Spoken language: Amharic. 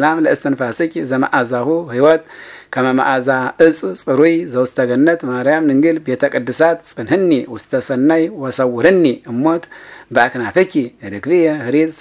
ሰላም ለእስትንፋስኪ ዘመዓዛሁ ህይወት ከመመዓዛ እጽ ጽሩይ ዘውስተገነት ማርያም ንግል ቤተ ቅድሳት ጽንህኒ ውስተ ሰናይ ወሰውርኒ እሞት በአክናፍኪ ርክብየ ህሪት